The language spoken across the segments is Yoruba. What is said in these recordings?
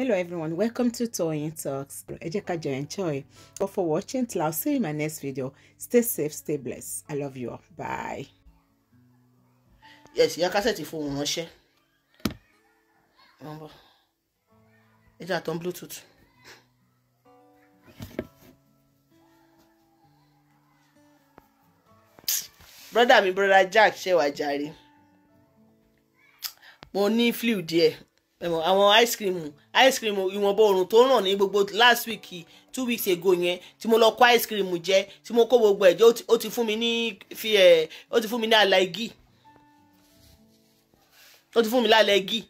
Hello everyone, welcome to Toyeen Talks. Ẹ jẹ́ ká enjoy. But for watching till I'll see you in my next video. Stay safe, stay blessed. I love you all. Bye. Yes, you set ìyá kásẹ̀tì fóun ránṣẹ́. Ẹ jẹ́ on Bluetooth. Brother, my brother Jack ṣẹ̀wà jàre. Mo Money flew díẹ̀ àwọn ice cream ice cream ìwọ̀nba oòrùn tó ràn ní gbogbo last week two weeks ago yẹn tí mo lọ kó ice cream jẹ tí mo kó gbogbo ẹ̀jẹ̀ ó ti fún mi ní fi ẹ̀ ó ti fún mi ní àlà igi ó ti fún mi lálẹ́ igi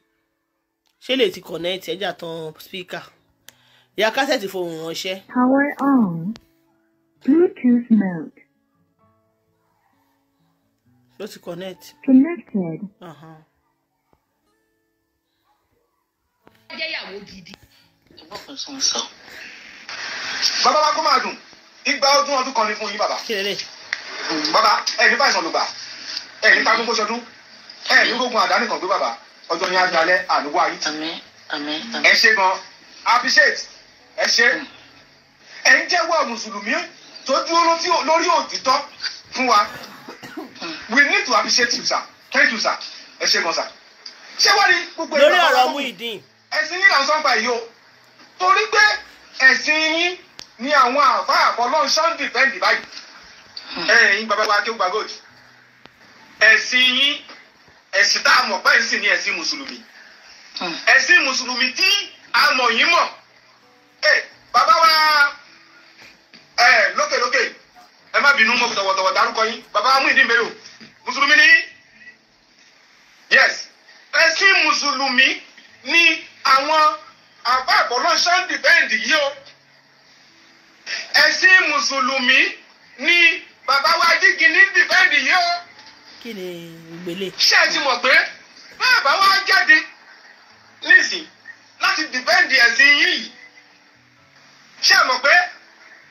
ṣé lè ti connect ẹ̀jà tán speaker ya kásẹ̀tì fohùn ránṣẹ́. power on bluetooth mode. ló ti connect. connected. Uh -huh. jẹ́ ìyàwó gidi. bàbá wa kó máa dùn igba ọdún ọdún kan ni fún yín bàbá bàbá ẹ̀rí bá ìsàn lùgbà ẹ̀rí bá gbogbo ṣọdún ẹ̀rí gbogbo àdáni kan gbé bàbá ọjọ́ yẹn ajalẹ́ àlùwà yìí ẹ ṣe gan appreciate ẹ ṣe mm. ẹ ń jẹ́wọ́ mùsùlùmí tó dúró lórí òtítọ́ fún wa mm. we need to appreciate you sir thank you sir ẹ ṣe gan sir ṣé wọ́n rí gbogbo ẹ̀rọ lórí ọ̀rọ̀ Muyideen ẹ̀sìn yín là ń sọ́npa yìí o torí pé ẹ̀sìn yín ni àwọn àfa àfọlọ́n ṣáǹdì fẹ́ǹdì báyìí hmm. ẹ̀yin bàbá wa kí ó gba gold ẹ̀sìn yín ẹ̀sìn tá a mọ̀ pé ẹ̀sìn ni ẹ̀sìn mùsùlùmí hmm. ẹ̀sìn mùsùlùmí tí a mọ̀ yín mọ̀ ẹ bàbá wa ẹ lókèlókè ẹ má bínú mọ̀ tọ̀wọ̀tọ̀wọ̀ dárúkọ yín bàbá wa mú ìdí mélòó mùsùlùmí ni yes ẹ̀sìn mùsùlùmí ni àwọn àbá àbọ̀lọ́ sunday bend yìí o ẹ̀sìn mùsùlùmí ni bàbá wa jígínní defend yìí o. kí ni ìgbélé. ṣé ẹ ti mọ̀ pé bàbá wa jáde nísìn láti defend ẹ̀sìn yín yìí ṣé ẹ mọ̀ pé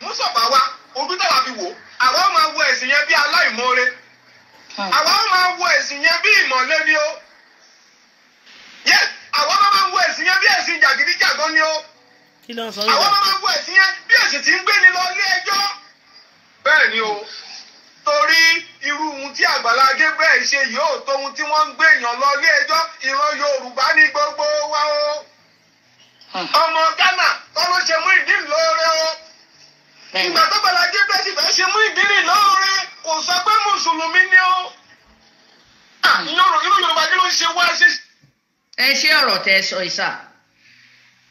mùsọ̀bà wa ojú táwa fi wò àwa máa wo ẹ̀sìn yẹn bí aláìmoore hmm. àwa máa wo ẹ̀sìn yẹn bí ìmọ̀lẹ́ni o yẹn bí ẹ̀sìn jàgídíjàgan ni ó àwọn ọmọ ogun ẹ̀sìn yẹn bí ẹ̀sìn ti ń gbé ni lọ ilé ẹjọ́ bẹ́ẹ̀ ni o torí irú ohun tí Àgbàlá Gabriel ṣe yóò tó ohun tí wọ́n ń gbé èèyàn lọ ilé ẹjọ́ ìran Yorùbá ní gbogbo wa o hmm. ọmọ Ghana tọ́lọ́ ṣe mú ìdí lóore o hmm. ìgbà tó Àgbàlá Gabriel sì fẹ́ ṣe mú ìdí lóore kò sọ pé mùsùlùmí ni o hmm. Yorùbá kí ló ń ṣe wá ṣe ẹ ṣe ọ̀rọ̀ tẹ́ ẹ sọ ìsà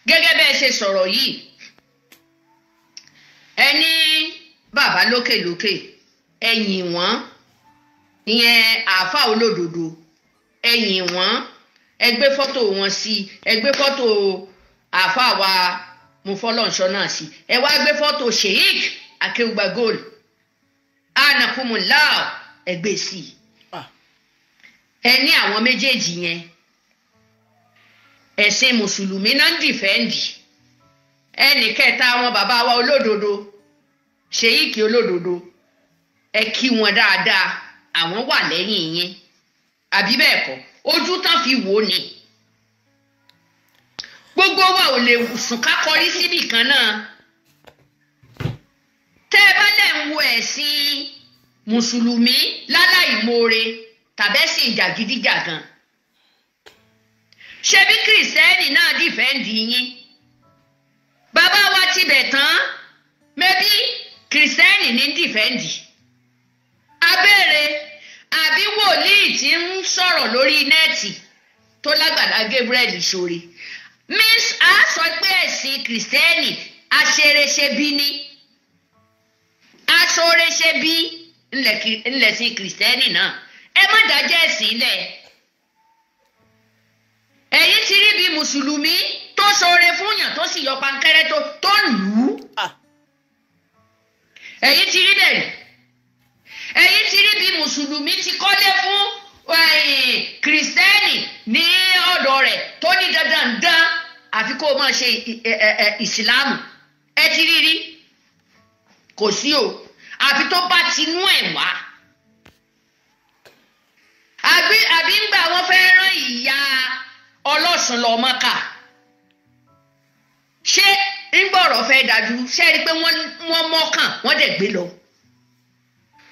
gẹ́gẹ́ bẹ́ẹ̀ ṣe sọ̀rọ̀ yìí ẹ ní bàbá lókèlókè ẹ yìn wọ́n ìyẹn àáfà olódodo ẹ yìn wọ́n ẹ gbé fọ́tò wọn sí ẹ gbé fọ́tò àáfà wa mo fọlọ́nṣọ́ náà sí ẹ wá gbé fọ́tò sheik akéwùgbà gold anakumulao ẹ gbé sí ah. ẹ ní àwọn méjèèjì yẹn ẹ̀sìn mùsùlùmí náà ń dìfẹ́ǹdì ẹnì kẹta wọn bàbá wa olódodo ṣèyíkì olódodo ẹ kí wọn dáadáa àwọn wà lẹ́yìn yín àbí bẹ́ẹ̀ kọ́ ojú tán fi wò ni gbogbo wa ò lè sùn ká kọrí síbì kan náà tẹ́ ẹ bá lẹ̀ ń wo ẹ̀sìn mùsùlùmí láláìmoore tàbẹ́sìn jàgídíjàgan. Si ṣebí kìrìsẹ́nì náà dìfẹ́ǹdì yín bàbá wa ti bẹ̀ tán mẹ́bí kìrìsẹ́nì ní dìfẹ́ǹdì abẹ́rẹ́ àbí wòlíì tí ń sọ̀rọ̀ lórí nẹ́ẹ̀tì tó lágbàdá Gabriel sórí miss a sọ pé ẹ̀sìn kìrìsẹ́nì aṣeréṣebí ni aṣoréṣebí ńlẹ̀sìn kìrìsẹ́nì náà ẹ má dájẹ́ ẹ̀sìn lẹ̀ ẹ̀yin ti rí bíi mùsùlùmí tó ṣoore fúnyàn tó sì yọ pankẹ́rẹ́ tó tó lù ú ẹ̀yin ti rí bẹ́ẹ̀ ẹ̀yin ti rí bíi mùsùlùmí ti kọ́lé fún eh, kìrìsìtẹ́nì ní ọ̀dọ̀ rẹ̀ tó ní dandan àfi kó o máa ṣe ìsìláàmù ẹ ti rí rí kò sí o àfi tó bá tinú ẹ̀ wá àbí ń gbà wọ́n fẹ́ rán ìyá ọlọ́sùn lọ mọ́kà ṣé ńgbọ̀rọ̀ fẹ́ dájú ṣe rí i pé wọ́n mọ́kàn wọ́n dẹ̀ gbé lọ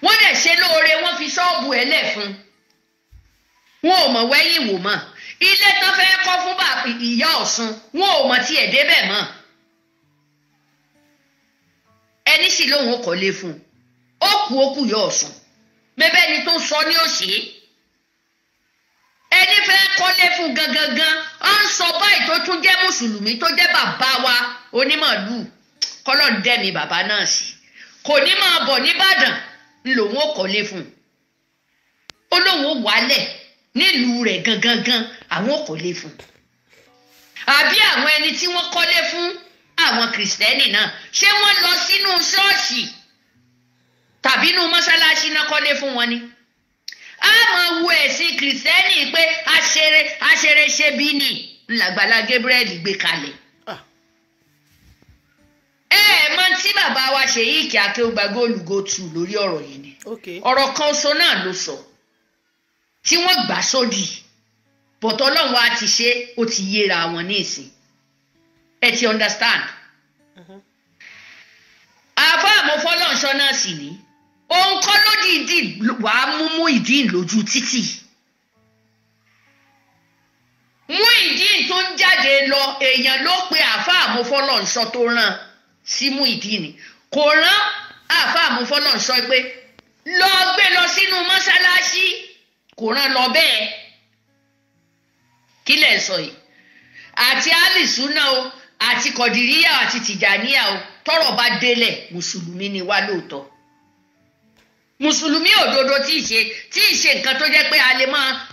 wọ́n dẹ̀ ṣe lóore wọ́n fi ṣọ́ọ̀bù ẹ̀ lẹ̀ fún wọn ò mọ̀ wẹ́yìn wò mọ́ ilé tán fẹ́ kọ́ fún bàbá ìyá ọ̀sùn wọn ò mọ̀ tiẹ̀ débẹ̀ mọ́ ẹni sì lóun ò kọ́lé fún ó kú ó kú yọ ọ̀sùn bẹ́ẹ̀ bẹ́ẹ̀ ni tó sọ ní òṣèré ẹni fẹ́ kọ́lé fún gangan gan ó ń sọ báyìí tó tún jẹ́ mùsùlùmí tó jẹ́ bàbá wa onímọ̀lú kọ́lọ̀ ń dẹ́mi bàbá náà sí kò ní máa bọ̀ nìbàdàn lòun ò kọ́lé fún ó lóun ò wálẹ̀ nílùú rẹ̀ gangan gan àwọn ò kọ́lé fún àbí àwọn ẹni tí wọ́n kọ́lé fún àwọn kìrìsìtẹ́nì náà ṣé wọ́n lọ sínú ṣọ́ọ̀ṣì tàbí inú mọ́ṣáláṣí náà kọ́lé fún wọn ni a máa wo ẹ̀sìn kìrìsìtẹ́nì pé aṣere aṣere ṣe bí ni làgbàlá Gabriel gbé kalẹ̀ ah. ẹ ẹ mọ tí bàbá wa ṣe yí kí akéwùgbà góòlùgò tù lórí ọ̀rọ̀ yìí ni ọ̀rọ̀ kan ṣo náà ló sọ tí wọ́n gbà sódì bọ̀tọ̀ ọlọ́run á ti ṣe ó ti yéra wọn ní ìsìn ẹ ti understand mhm. àfọ àmọ́fọ́lọ́nṣọ́ náà sì ní òun kọ́ ló dìídì wàá mú Muyideen lójú títì Muyideen tó ń jáde lọ èèyàn ló pe àáfàá àmúfọ́lọ́nṣọ tó rán sí Muyideen kò rán àáfàá àmúfọ́lọ́nṣọ pé lọ gbé lọ sínú mọ́ṣáláṣí kò rán lọ bẹ́ẹ̀ kí lẹ̀ sọ yìí àti alisuna o àti kọ̀dìríyà àti tìjàníyà o tọ́rọ̀ bá délẹ̀ mùsùlùmí ni wá lóòótọ́ mùsùlùmí òdodo tí ì ṣe tí ì ṣe nǹkan tó jẹ́ pé a lè máa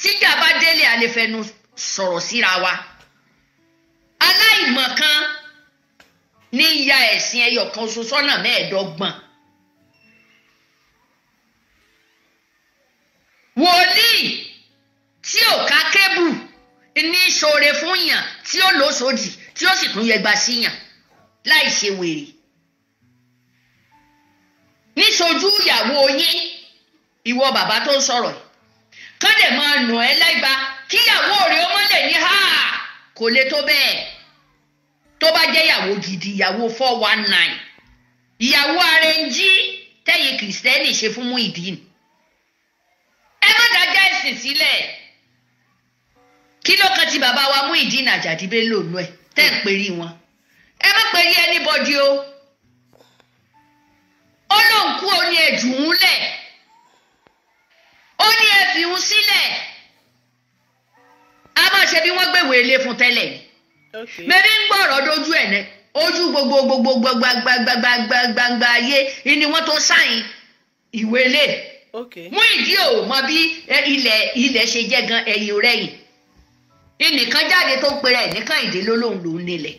tíjà bá délé a lè fẹnu sọ̀rọ̀ síra wa aláìmọ̀kan ní ya ẹ̀sìn ẹyọ kan ṣoṣo sọ́nà mẹ́ẹ̀ẹ́dọ́gbọ̀n wòlíì tí ò ká kébù ní ṣoore fún yàn tí ó lòsòdì tí ó sì tún yẹgba sí láì ṣe wèrè sojú ìyàwó yín ìwọ bàbá tó ń sọrọ yìí ma máa nù ẹ́ láìba kíyàwó rẹ̀ ọmọ mọ́lẹ̀ ní ha kò lè tó bẹ́ẹ̀ tó bá jẹ ìyàwó gidi ìyàwó four one nine ìyàwó ara ń jí kìrìsìtẹ́nì ṣe fún Muyideen ẹ ti bàbá wa wọn ẹ má perí o. ń kú ó ní ẹ̀jù ń lẹ̀ ó ní ẹ̀fì ń sílẹ̀ a máa ṣe bí wọ́n gbèwé ilé fún tẹ́lẹ̀ mẹ́bí ń gbọ́ ọ̀rọ̀ dojú ẹ̀ ní ojú gbogbo gbogbo gbagbagbagbagbagba ayé ni wọ́n tó sáyìn ìwé lé mú ìdí ò mọ bí ilẹ̀ ilẹ̀ ṣe jẹ́ gan ẹ̀yìn rẹ̀yìn ẹnìkan jáde tó ń pera ẹ̀ nìkan ìdílólóhùn lòún nílẹ̀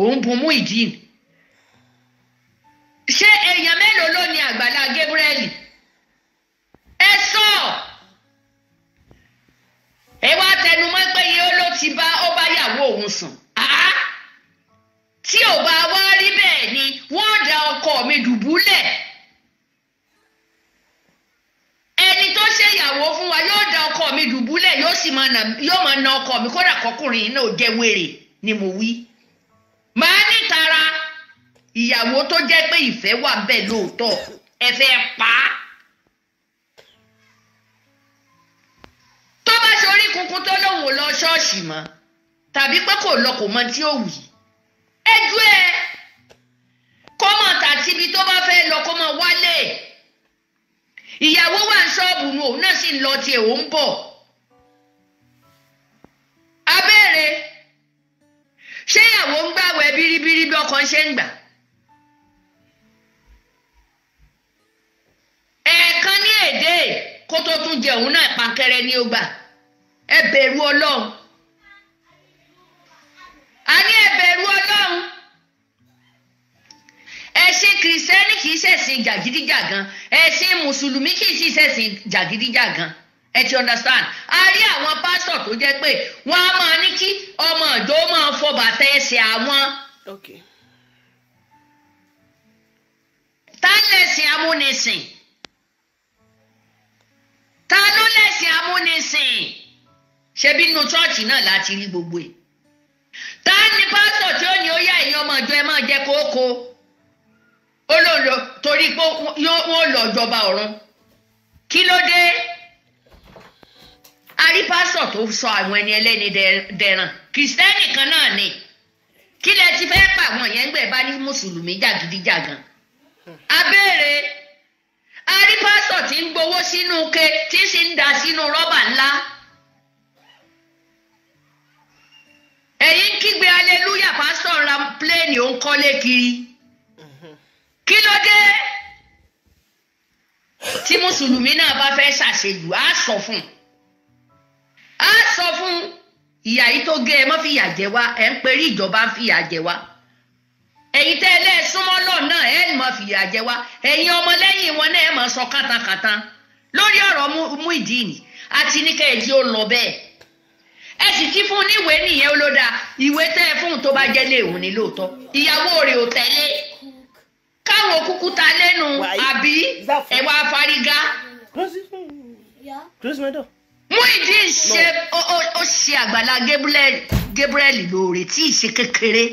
òun bu mú ìdí ni ṣé èèyàn mélòó ló ní àgbàlá Gabriel ẹ sọ ẹ wá tẹnumọ́ pé yìí ó ló ti bá ó bá yàwó òun sùn tí ò bá wá rí bẹ́ẹ̀ ni wọ́n da ọkọ mi dùbúlẹ̀ ẹni tó ṣe ìyàwó fún wa yóò da ọkọ mi dùbúlẹ̀ yóò sì máa na ọkọ mi kódà kọkùnrin náà jẹ́ wèrè ni mo wí màá ní ìyàwó tó jẹ́ pé ìfẹ́ wà bẹ́ẹ̀ lóòótọ́ ẹ fẹ́ pa á. tó bá ṣorí kunkun tó lóun ò lọ ṣọ́ọ̀ṣì mọ́ tàbí pé kò lọ kò mọ tí ó wì ẹ ju ẹ kó mọ tàtíbi tó bá fẹ́ lọ kó mọ wálé ìyàwó wà ń ṣọ́ọ̀bù nu òun náà sì ń lọ tiẹ̀ òun bọ̀ abẹ́rẹ́ ṣé ìyàwó ń gbàwẹ̀ bíríbírí ọkàn ṣe ń gbà. kan ní èdè kó tó tún jẹ òun náà pankẹrẹ ní ó gbà ẹ bẹ̀rù ọlọ́run a ní ẹ bẹ̀rù ọlọ́run ẹ̀sìn kìrìsìtẹ́nì kì í ṣẹ̀sìn jàgídíjàgan ẹ̀sìn mùsùlùmí kì í sì ṣẹ̀sìn jàgídíjàgan ẹ ti understand a rí àwọn pásítọ̀ tó jẹ́ pé wọ́n á máa ní kí ọmọ ìjọ máa fọ bàtà ẹsẹ̀ àwọn. Okay. tá lẹ̀sìn amúnisìn ta ló lẹ́sìn amúnisìn ṣebí inú chọ́ọ̀chì náà láti rí gbogbo ẹ̀ ta ni pásítọ̀ tí ó ní ó yá ẹ̀yin ọmọ ìjọ ẹ máa jẹ kókó ó lò lọ torí pé wọ́n lọ jọba ọ̀run kí ló dé a rí pásítọ̀ tó sọ àwọn ẹni ẹlẹ́ni dẹran kìrìsìtẹ́nì kan náà ni kí lẹ ti fẹ́ pa àwọn yẹn gbẹ̀ bá ní mùsùlùmí jàgídíjàgan a béèrè a pásítọ̀ tí ń sínú ke tí sì ń dà sínú rọ́bà ńlá. ẹ̀yin kígbe aleluya pásítọ̀ ra pléènì ó ń kọ́lé kiri kí ló dé tí mùsùlùmí náà bá fẹ́ ṣàṣejù á sọ fún un á sọ fún un ìyà yìí tó gé ẹ mọ́ fìyà jẹ wá ẹ ń perí ìjọba ń fìyà jẹ wá ẹ̀yin tẹ́ súnmọ́ lọ́ọ̀ náà ẹ ń mọ fìyà jẹ wá ẹ̀yin ọmọlẹ́yìn wọn náà ẹ mọ̀ sọ kátàkátà lórí ọ̀rọ̀ Muyideen àti níkẹyìí ó lọ bẹ́ẹ̀ ẹ sì ti fún un níwèé nìyẹn ó ló dáa ìwé tẹ́ ẹ fún un tó bá jẹ́ léèwọ̀n ní lóòótọ́ ìyàwó rẹ̀ ò tẹ́lẹ̀ káwọn kúkú ta lẹ́nu àbí ẹ̀wà fárígá. Muyideen ṣe ó ṣe àgbàlá Gabriel lóore tí ì kékeré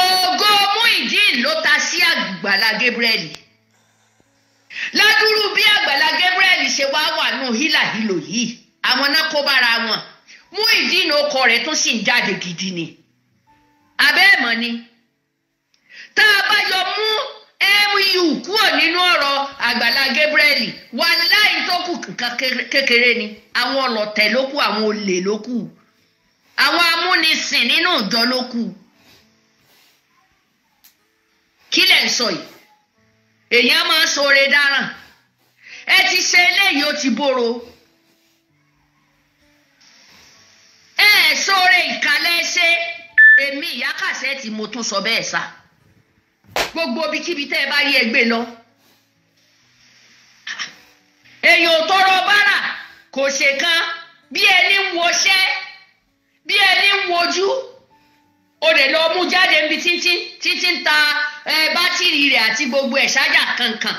ògo Muyideen ló ta sí àgbàlá Gabriel ládùúrú bí àgbàlá Gabriel ṣe wá wà nù hílàhílò yìí àwọn náà kó bára wọn mú ìdínà ọkọ rẹ̀ tó sì ń jáde gidi ni abẹ́ẹ̀mọ́ ni tá a bá yọ mú mu kúrò nínú ọ̀rọ̀ àgbàlá Gabriel wà láì tó kù kékeré ni àwọn ọlọ̀tẹ̀ ló kù àwọn olè ló kù àwọn amúnisìn nínú ìjọ ló kù kí lẹ̀ ń sọ yìí èèyàn máa ń sọre dáràn ẹ ti ṣe eléyìí ó ti bòrò ẹ ẹ sọre ìkàlẹ̀ ṣe èmi ìyá kàṣẹ́ẹ̀tì mo tún sọ bẹ́ẹ̀ sá gbogbo ibikíbi tẹ́ ẹ bá rí ẹgbẹ́ lọ èèyàn tọrọ bára kò ṣe kan bí ẹni ń woṣẹ́ bí ẹni ń wojú o lè lọ mú jáde níbi títí títí ń ta bátìrì rẹ̀ àti gbogbo ẹ̀ ṣájà kankan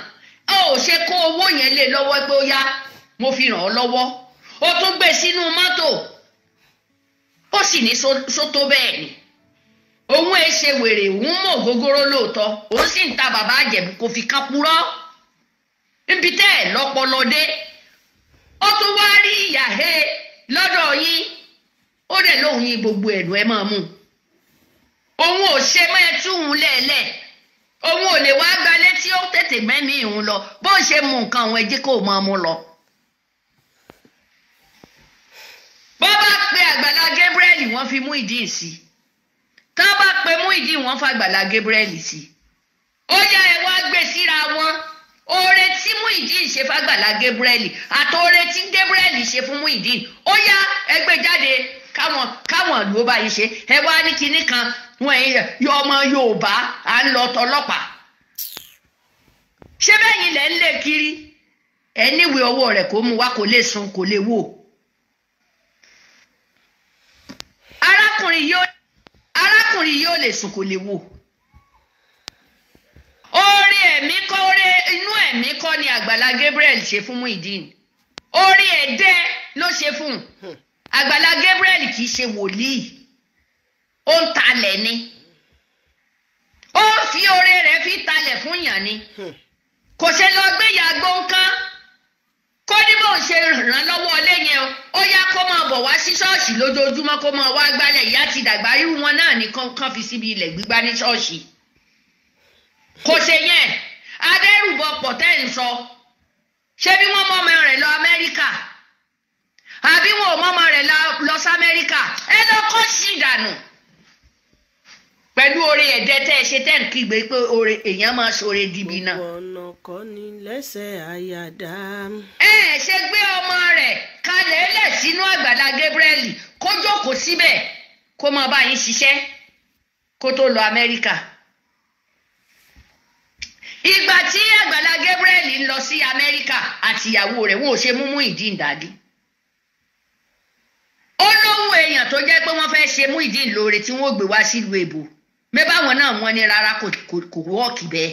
ó ò ṣe kó owó yẹn lé lọ́wọ́ pé ó yá mo fi ràn ọ́ lọ́wọ́ ó tún gbé sínú mọ́tò ó sì ní sótó bẹ́ẹ̀ ni òun ẹ ṣe wèrè òun mọ̀ gógóró lóòótọ́ òun sì ń ta bàbá àjẹ̀bù kò fi kan purọ́ níbi tẹ́ ẹ̀ lọ́pọlọdé ó tún wá rí ìyá he lọ́dọ̀ yín ó dẹ̀ lóun yín gbogbo ẹ̀dùn ẹ máa mú òun ò ṣe mọ́ ẹ òun ò lè wá gbalé tí ó tètè mẹ́mí ìhun lọ bó ṣe mú nǹkan òun ẹjí kò mọ mú lọ. bó bá pe àgbàlá Gabriel wọ́n fi mú ìdí sí i bá pe mú ìdí wọ́n fa àgbàlá Gabriel sí i ó yá ẹ wá gbé síra wọn oore tí mú ìdí ṣe fàgbàlá Gabriel àtọ̀ọ́rẹ́ tí Gabriel ṣe fún mú ìdí ó yá ẹgbẹ́ jáde káwọn káwọn ló bá yìí ṣe ẹ wá ní kinní kan wọn ẹ yọ ọmọ Yorùbá à ń lọ tọlọ́pàá ṣé bẹ́ẹ̀ yìí lẹ́ ń lé kiri ẹ níwèé ọwọ́ rẹ̀ kó mu wá kó lè sun kó lè wò. arákùnrin yóò arákùnrin yóò lè sùn kò lè wò orí ẹ̀mí kọ́ orí inú ẹ̀mí kọ́ ni Àgbàlá Gabriel ṣe fún Muyideen orí ẹ̀dẹ́ ló ṣe fún un àgbàlá Gabriel kì í ṣe wòlíì ó ń talẹ̀ ni ó fi oore rẹ̀ fi talẹ̀ fún yàn ni hmm. kò ṣe lọ gbéyà gbóǹkan kó ní bó ń ṣe ràn lọ́wọ́ yẹn o ó yá kó máa bọ̀ wá sí ṣọ́ọ̀ṣì lójoojúmọ́ kó máa wá gbálẹ̀ ìyá ti dàgbà irú wọn náà nìkan kan fi síbi ilẹ̀ gbígbá ní ṣọ́ọ̀ṣì kò ṣe yẹn adẹ́rùbọ̀pọ̀ tẹ́ ń sọ ṣé bí wọ́n mọ́ ọmọ rẹ̀ lọ Amẹ́ríkà àbí wọn ò mọ́mọ́ rẹ̀ lọ sí amẹ́ríkà ẹ lọ kọ́ sí ìdànù pẹ̀lú oore ẹ̀dẹ́ tẹ́ ẹ ṣe tẹ́ ń kígbe pé oore èèyàn máa ṣoore dibi náà. ọ̀nà kọ́ ni lẹ́sẹ̀ àyà dá. ẹ ẹ ṣe gbé ọmọ rẹ̀ kalẹ̀ ẹlẹ̀ sínú àgbàlá Gabriel kó jókòó síbẹ̀ kó máa bá yín ṣiṣẹ́ kó tó lọ Amẹ́ríkà. ìgbà tí àgbàlá Gabriel ń lọ sí Amẹ́ríkà àtìyàwó rẹ̀ wọn ò ṣe mú mú ìdí ìdádí ó lóhùn èèyàn tó jẹ́ pé wọ́n fẹ́ ṣe mú ìdí ìlóore tí wọ́n gbé wá sílùú èbò mẹ́bàwọn náà wọ́n ní rárá kò wọ́ọ̀kì bẹ́ẹ̀.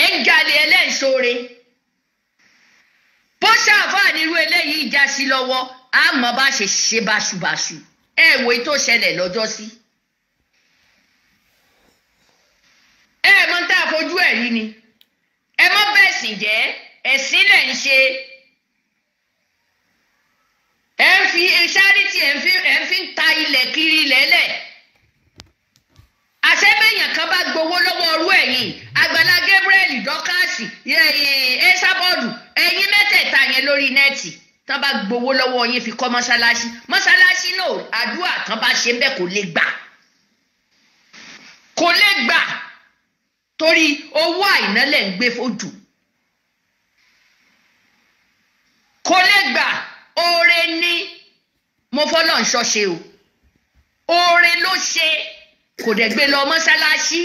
ẹ̀ ń jalè ẹlẹ́ǹṣọ́re bó ṣàfáà nírú eléyìí já sí lọ́wọ́ á mọ̀ bá ṣe ṣe báṣubàṣu ẹ wo èyí tó ṣẹlẹ̀ lọ́jọ́ sí. ẹ mọ̀ tá a fojú ẹ̀ rí ni ẹ mọ̀ bẹ́ẹ̀ sìn jẹ́ ẹ̀sìn lẹ̀ ń ṣe fi charity ẹ̀ ń fi ẹ̀ ń fi ta ilẹ̀ kiri lẹ́lẹ̀ àṣẹ́bẹ̀yàn kan bá gbowó lọ́wọ́ ọrú ẹ̀yìn Àgbàlá Gabriel dọ́kàsì ẹ̀ṣábọ́ọ̀dù ẹ̀yìn mẹ́tẹ̀ẹ̀ta yẹn lórí nẹ́ẹ̀tì tán bá gbowó lọ́wọ́ yín fi kọ́ mọ́ṣáláṣí mọ́ṣáláṣí náà àdúrà tán bá ṣe bẹ́ẹ̀ kò lè gbà kò lè gbà torí owó àìnálẹ̀ ń gbé fojú kò lè gbà oore ni mo fọlọ́ ń ṣọ́ṣe o oore ló ṣe kò dẹ̀ gbé lọ mọ́ṣáláṣí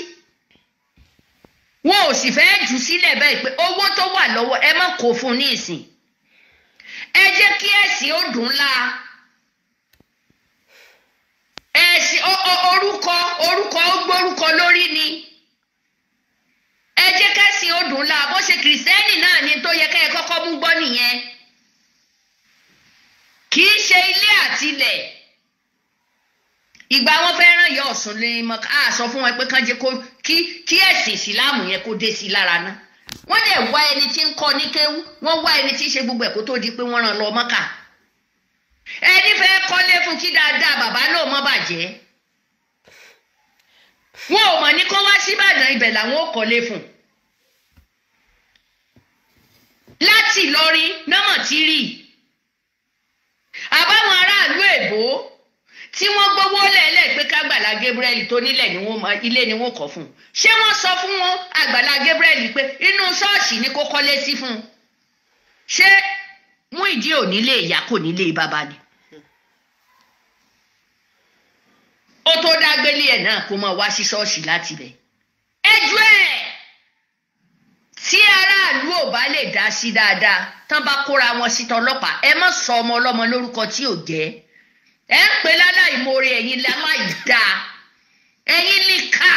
wọn ò sì fẹ́ jù sílẹ̀ báyìí pé owó tó wà lọ́wọ́ ẹ má kó fún un ní ìsìn ẹ jẹ́ kí ẹ̀sìn ó dùn la ẹ̀sìn orúkọ orúkọ ó gbórúkọ lórí ni ẹ jẹ́ kẹ́sìn ó dùn la bó ṣe kìrìsìtẹ́nì náà ni tó yẹ kẹ́ ẹ kọ́kọ́ mú gbọ́ nìyẹn kì í ṣe ilé àtilẹ̀ ìgbà wọn fẹ́ ràn yọ ọ̀sùn lè mọ a sọ fún wọn pé kán jẹ́ kí kí ẹ̀sìn ìsìláàmù yẹn kó dé sí lára ná wọ́n dẹ̀ wá ẹni tí ń kọ́ ní kéwú wọ́n wá ẹni tí ń ṣe gbogbo ẹ̀ kó tó di pé wọ́n ràn lọ mọ́kà ẹni fẹ́ kọ́lé fún kí dáadáa bàbá náà mọ́ bàjẹ́ wọn ò mọ̀ ní kó wá síbàdàn ibẹ̀ làwọn ò kọ́lé fún láti Ìlọrin nọ́mọ̀ tí rí i àbáwọn aráàlú èbó tí wọ́n gbowó lẹ́lẹ́ pé kágbàlá Gabriel tó nílẹ̀ ni wọ́n ilé ni wọ́n kọ́ fún un ṣé wọ́n sọ fún wọn àgbàlá Gabriel pé inú ṣọ́ọ̀ṣì ni kó kọ́lé sí fún un ṣé mú ìdí òní lè yá kò ní lè bàbá ni. ó tó dágbélé ẹ̀ náà kó máa wá sí ṣọ́ọ̀ṣì láti bẹ̀. ẹ ju ẹ̀ tí aráàlú ò bá lè dá sí dáadáa tán bá kóra wọn síta ọlọ́pàá ẹ má sọ ọmọ ọlọ́mọ lórúkọ tí ò jẹ́ ẹ ń pè láláìmoore ẹ̀yin láláìdá ẹ̀yin níkà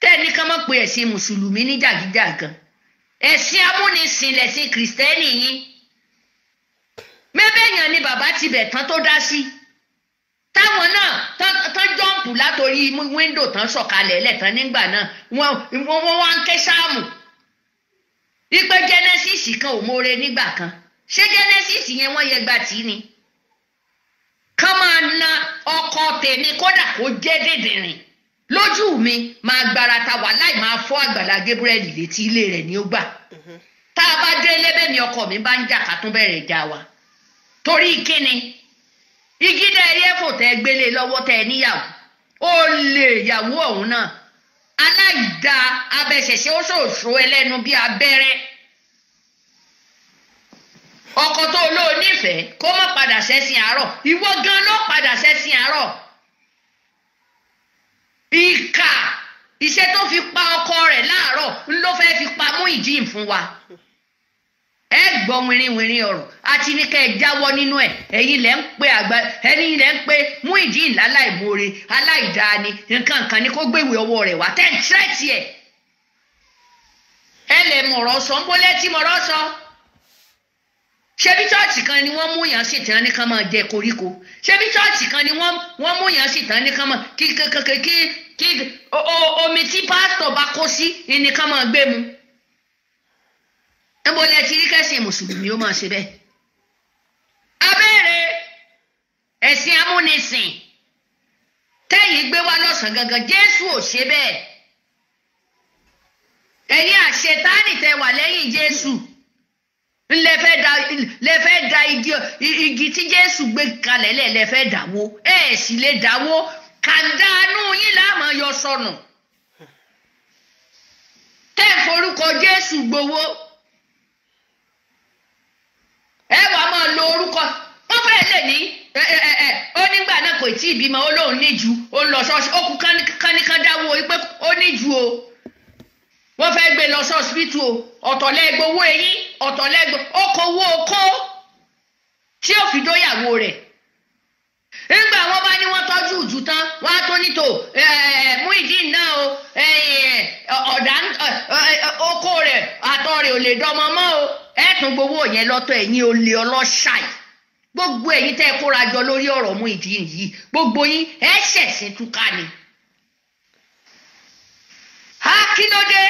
tẹ́ẹ̀ni kan mọ̀ pé ẹ̀sìn mùsùlùmí ní jàgídàgan ẹ̀sìn amúnisìn lẹ̀sìn kìrìsìtẹ́nì yín mẹ́bẹ̀ẹ́yàn ni bàbá tibẹ̀ tán tó dá sí. Si táwọn náà tán jọ́ǹpù látòrí wíńdò tán sọ̀kalẹ̀ lẹ́tàn nígbà náà wọ́n wọ́n wá ń ké sáàmù wípé genesis kan ò mórè nígbà kan ṣé genesis yẹn wọ́n yẹ gbà tí ni kán máa na ọkọ tèmi kódà kó jẹ́ dèdèrìn lójú mi máa gbára ta wà láì máa fọ́ àgbàlá Gabriel létí ilé rẹ̀ ni ó gbà mm-hmm. tá a bá dé lébẹ́ mi ọkọ mi bá ń jà ká tún bẹ̀rẹ̀ jà wa torí kíni igi dẹ rí ẹfọ tẹ gbélé lọ́wọ́ tẹ níyàwó ó lè yàwó ọ̀hún náà aláìda abẹsẹsẹ oṣooṣo ẹlẹ́nu bíi abẹ́rẹ́ ọkọ tó lóò nífẹ̀ẹ́ kó má padà sẹ́sìn àárọ̀ ìwọ gan ló padà sẹ́sìn àárọ̀ ìkà iṣẹ́ tó fi pa ọkọ rẹ̀ láàárọ̀ ló fẹ́ẹ́ fi pamọ́ ìjìn fún wa ẹ gbọ́ wìrìwìrì ọ̀rọ̀ àti ní kẹ́ ẹ jáwọ́ nínú ẹ̀ ẹ̀yin lẹ́ ń pe àgbà ẹ̀yin lẹ́ ń pe Muyideen láláìmoore aláìdáni nǹkan kan ni kó gbèwé ọwọ́ rẹ̀ wá tẹ́ ń tẹ́tì ẹ̀ ẹ lè mọ̀rọ̀ sọ ń bólẹ́ tí mọ̀rọ̀ sọ ṣebí chọọchì kan ni wọ́n mú yàn sí tán ní kàn máa jẹ koríko ṣebí chọọchì kan ni wọ́n mú yàn sí tán ní kàn máa kí kí kí omi tí pásítọ̀ bá kó sí ni kàn máa gbé mu níbo lẹ ti rí kẹsìn mùsùlùmí ó máa ṣe bẹ́ẹ̀ abẹ́rẹ́ ẹ̀sìn amúnisìn tẹ́yìn gbé wá lọ́sàn gangan jésù ò ṣe bẹ́ẹ̀ ẹ̀yin àṣetánì tẹ wà lẹ́yìn jésù lẹ́fẹ́ da lẹ́fẹ́ da igi igi tí jésù gbé kalẹ̀ lẹ̀ lẹ́fẹ́ dàwó ẹ̀ sì lè dàwó kàńdánù yín láàmú yọ sọnù tẹ́ forúkọ jésù gbowó. ẹ wà á máa lo orúkọ wọ́n fẹ́ẹ́ lè ní ó nígbà náà kò tí ì bímọ ó lóun níjú ó lọ ṣọ́ọ̀ṣì ó kú kánikán dáwọ́ pé ó níjú o wọn fẹ́ẹ́ gbé lọ o owó eyín ọ̀tọ̀lẹ́gbẹ̀ ọkọ̀ o okó tí ó fi dóyàwó nígbà wọn bá ní wọn tán wọn á tó nítò o okó ò lè ẹ tún gbowó yẹn lọ́tọ̀ ẹ̀yin olè ọlọ́ṣàì gbogbo ẹ̀yin tẹ́ ẹ kóra jọ lórí ọ̀rọ̀ mú ìdí yìí gbogbo yín ẹ ṣẹ̀sìn túká ni. a kí ló dé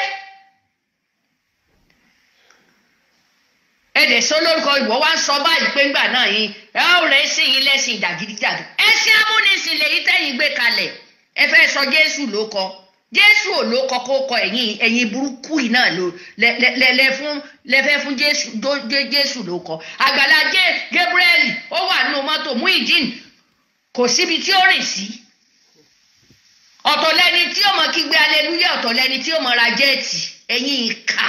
ẹ dẹ̀ sọ lórúkọ ìwọ wá ń sọ báyìí pé ńgbà náà yín ẹ ò rẹ̀ sí yín lẹ́sìn ìdàgídíjàdù ẹ ṣe amúnisìn lèyí tẹ́yìn gbé kalẹ̀ ẹ fẹ́ sọ Jésù ló kọ́ jésù ò ló kọkọ kọ ẹ̀yin ẹ̀yin burúkú yìí náà ló lẹ fún lẹ fẹ́ fún jésù ló kọ àgbàlá gabriel ó wà nínú mọ́tò muideen kò síbi tí ó rìn sí ọ̀tọ̀ lẹni tí ó mọ kígbe aleluya ọ̀tọ̀ lẹni tí ó mọ ra jẹ́ẹ̀tì ẹ̀yin ìka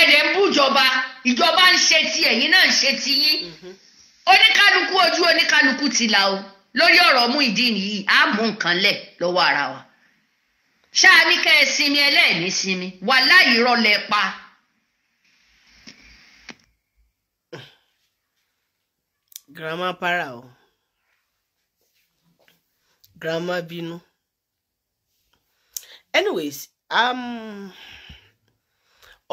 ẹ̀dẹ̀ ń bú ìjọba ìjọba ń ṣe ti ẹ̀yin náà ń ṣe ti yín oníkálukú ojú oníkálukú ti là o lórí ọ̀rọ̀ muideen yìí á mú nǹkan lẹ̀ lọ́wọ́ ara wa ṣáà ní kẹ́ ẹ sinmi ẹlẹ́ẹ̀ní sinmi wà láì rọlẹ̀ pa. grandma para o grandma bínú anyways um,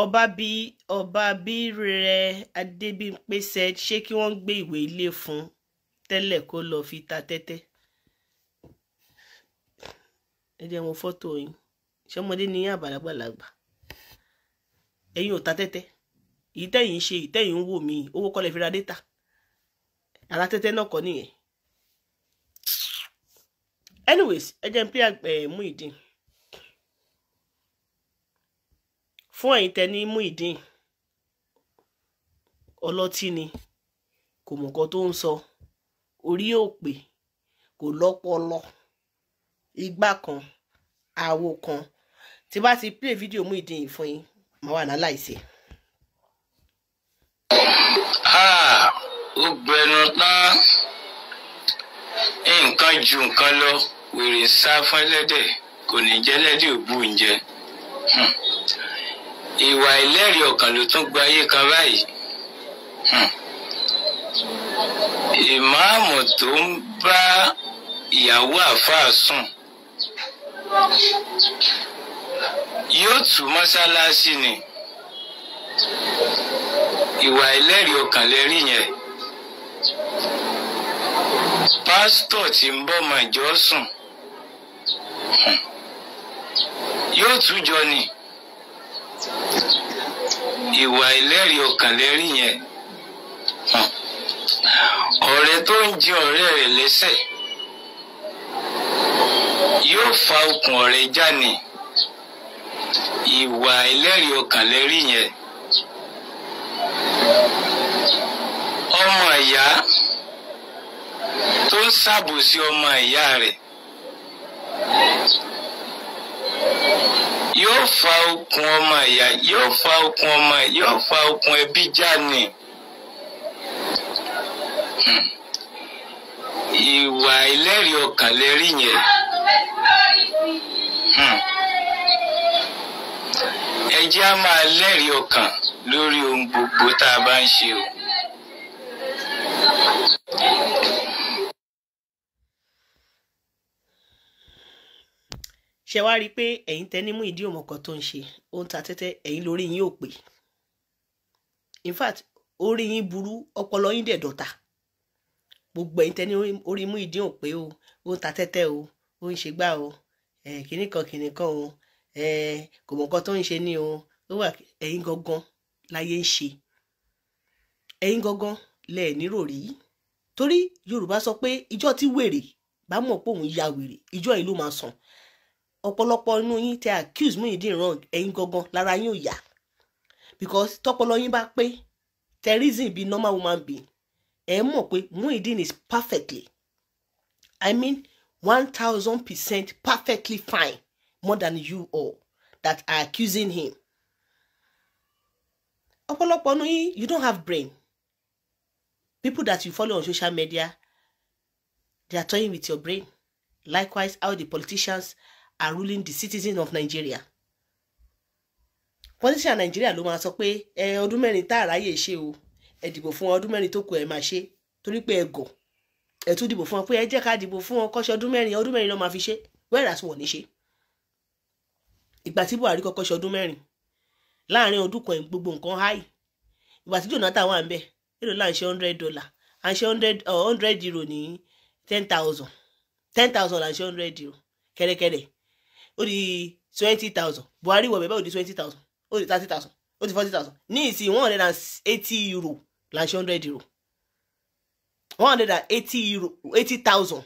ọba bí ọba bí rẹ Adébímpé said ṣé kí wọ́n gbé ìwé ilé fún tẹ́lẹ̀ kó lọ fi ta tẹ́tẹ́ ẹ jẹ́ wọn fọ́tò yín ṣọmọdé ní àbàlagbàlagbà ẹ̀yin ò ta tẹ́tẹ́ èyí tẹ́yìn ń ṣe èyí tẹ́yìn wò mí owó kọ́lẹ̀ fi ra data ara tẹ́tẹ́ náà kọ́ nìyẹn anyways ẹ jẹ́ n pé àgbẹ̀ Muyideen fún ẹ̀yin tẹ́ ní Muyideen ọlọ́tí ni kò mọ̀kọ́ tó ń sọ orí òpè kò lọ́pọlọ. So, igbá kan àwo kan tí bá ti play fídíò mú ìdí yìí fún yín màá wà láláìsí. ó gbẹnu tán nǹkan ju nǹkan lọ wèrè ń sá fọlẹ́dẹ̀ kò ní jẹ́ lẹ́dí òbú oúnjẹ. Hmm. ìwà ìlẹ́rìí ọkàn ló tún gba ayé kan báyìí. Hmm. ìmáàmù tó ń bá ìyàwó àfáà sùn yóò tú mọ́ṣáláṣí ni ìwà ẹlẹ́rìí ọkàn lẹ́rìí yẹn pásítọ̀ tí ń bọ́ màjọ sùn yóò tújọ ni ìwà ẹlẹ́rìí ọkàn lẹ́rìí yẹn ọ̀rẹ́ tó ń jẹ ọ̀rẹ́ rẹ̀ lẹ́sẹ̀ yóò fa okùn ọ̀rẹ́ jáni ìwà ẹlẹ́rìí ọkàn lẹ́rí yẹn ọmọ ìyá tó ń ṣàbòsí ọmọ ìyá rẹ̀ yóò fa okùn ọmọ ìyá yóò fa okùn ọmọ yóò fa okùn ẹbí jáni hmm. ìwà ẹlẹ́rìí ọkàn lẹ́rí yẹn. Hmm. ẹ jẹ́ á máa lẹ́rìí ọkàn lórí ohun gbogbo tá a bá ń ṣe o. ṣe wá rí i pé ẹ̀yin tẹ́ ìdí òmọ̀kọ́ tó ń ṣe ó ta tẹ́tẹ́ ẹ̀yin lórí yín ò pé in fact orí yín burú ọpọlọ yín dẹ̀ dọ̀tà gbogbo ẹ̀yin tẹ́ ní orí mú ìdí ò pé o ta tẹ́tẹ́ o ó ń ṣe gbá o kìnnì kan kìnnì kan o kò mọ̀ nǹkan tó ń ṣe ní o ó wà ẹ̀yin gangan láyé ń ṣe ẹ̀yin gangan lẹ̀ nírò rí torí Yorùbá sọ pé ìjọ tí wèrè bá mọ̀ pé òun ya wèrè ìjọ yìí ló máa sàn ọ̀pọ̀lọpọ̀ inú yín tẹ accuse Muyideen wrong ẹ̀yin gangan lára yín ò yá because tọpọlọ yín bá pé terrorism be normal woman being ẹ mọ̀ pé Muyideen is perfectly I mean One thousand percent perfectly fine more than you all that are accusing him. Ọ̀pọ̀lọpọ̀ nu you don't have brain. People that you follow on social media they are toying with your brain. Likewise how the politicians are ruling the citizens of Nigeria. Politician Nigeria ló máa sọ pé ẹ ọdún mẹ́rin tá àráyè ṣe o ẹ dìbò fún ọdún mẹ́rin tó kù ẹ máa ṣe torí pé ẹ gọ̀ ẹ tún dìbò fún wọn pé ẹ jẹ́ ká dìbò fún wọn kọ́ṣẹ́ ọdún mẹ́rin ọdún mẹ́rin ló máa fi ṣe wẹ́rẹ́ àti wọ̀n ní ṣe ìgbà tí Buhari kọ́kọ́ ṣe ọdún mẹ́rin láàrin ọdún kan gbogbo nǹkan háì ìgbà tí Jonathan wà ń èrò là ń ṣe hundred dollar à ń ṣe hundred hundred euro ní ten thousand ten thousand là ń ṣe hundred euro kẹ́rẹ́kẹ́rẹ́ ó di twenty thousand Buhari wọ̀ bẹ́ẹ̀ báwo di twenty thousand ó di thirty thousand ó di forty thousand ní ìsìn one hundred and eighty euro là ń ṣe hundred euro one hundred and eighty euro eighty thousand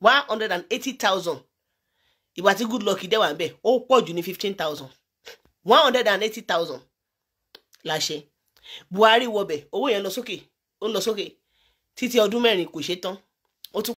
one hundred and eighty thousand ìgbà tí good luck dẹ̀ wà níbẹ̀ ó pọ̀ jù ní fifteen thousand one hundred and eighty thousand láṣẹ Buhari wọbẹ̀ owó yẹn lọ sókè ó ń lọ sókè títí ọdún mẹ́rin kò ṣe tán ó tún.